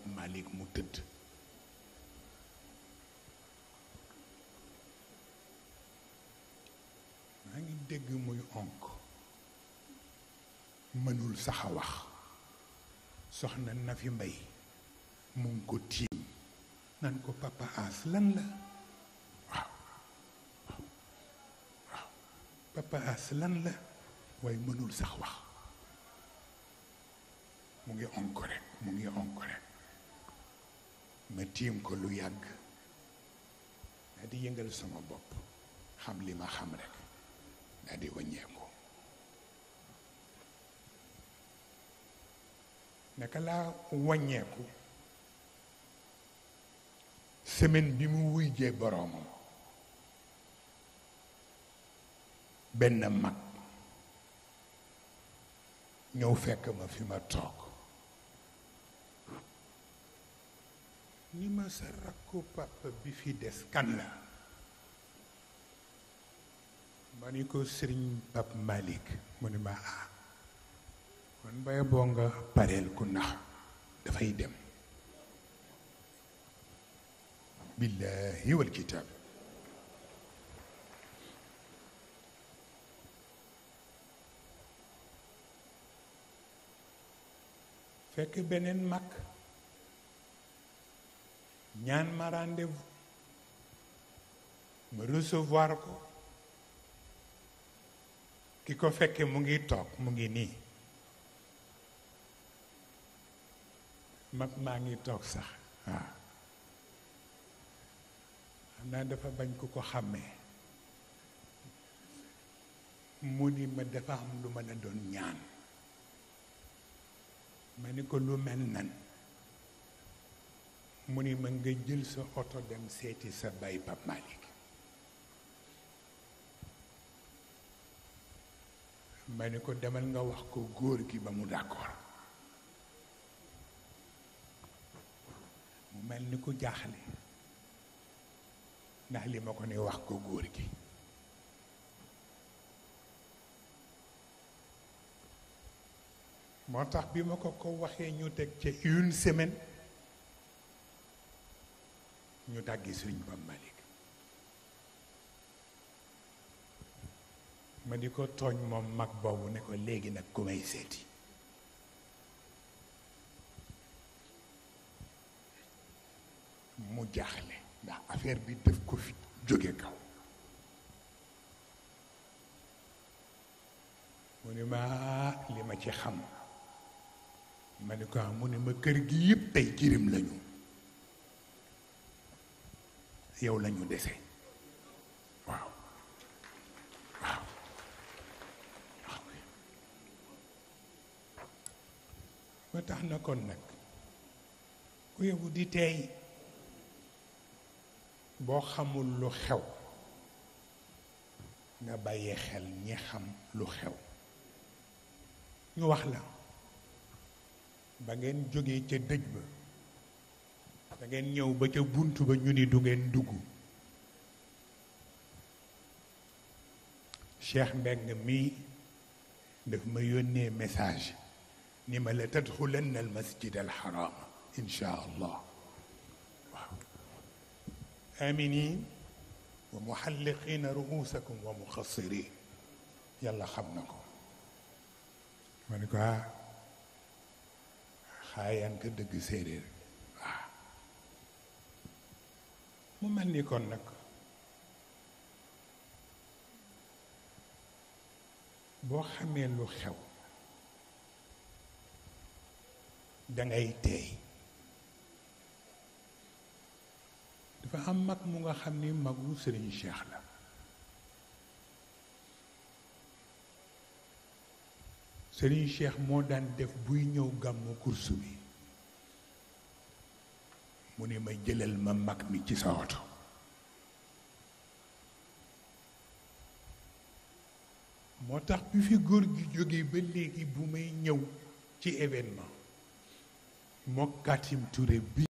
Pape mu tëdd maa ngi dégg muy onk mënul saxa wax soxna na fi mbay mu ngi ko tiim nan ko papa as lan la waaw waaw papa as lan la waaye mënul sax wax mu ngi onk rek mu ngi onk rek ma tiim ko lu yàgg daa di yëngal sama bopp xam li ma xam rekk daa di wàññeeku naka laa wàññeeku semaine bi mu wuy jee benn mag ñëw fekk ma fi ma toog ni ma sa rakku papa bi fi des kan la maniko ni pap malik mu a kon baye bonga parel ku nax fay dem billahi wal kitab fekk benen mak nyan ma rendez-vous Me recevoir ko Kiko fekke mu ngi tok, mu ngi ni. Ma ma ngi tok sax waaw dafa bañ ko ko xamé. mu ni ma dafa am lu ma la doon ñaan Mané ko lu mel nan mu ni ma nga jël sa oto dem seeti sa bay ba Malick ma ni ko demal nga wax ko góor gi ba mu d'accord mu mel ni ku jaaxle ndax li ma ko ne wax ko góor gi moo tax bi ma ko ko waxee ñu teg ca une semaine ñu dàggi sëriñ Pape Malick ma di ko tooñ moom mag boobu ne ko léegi nag ku may seeti mu jaaxle ndax affaire bi def ko fi jóge kaw mu ni ma li ma ci xam ma ni ko mu ne ma kër gi yëpp tey jirim lañu yow lañu ñu dese waaw waaw ba tax na kon nag ku yóbbu di tey boo xamul lu xew nga bàyyi xel ñi xam lu xew ñu wax la ba ngeen jógee ca dëj ba da ngeen ñëw ba ca buntu ba ñu ni du ngeen dugg cheikh mbeng mii daf ma yónnee message ni ma la tadxulanna al masjid al haram insha allah waaw aminin wa muxalliqina ruusakum wa muxassirin yàlla xam na ko ma ne ko ah xaayan ka dëgg séeréer mu mel ni kon nag boo xamee lu xew da ngay teey dafa am mag mu nga xam ni magu sëriñ Cheikh la sëriñ Cheikh moo daan def buy ñëw gàmmu kursu bi mu ne ma jëlal ma mag mi ci sa oto moo tax bi fi góor gi jógee ba léegi bu may ñëw ci événement moo Katim Touré bi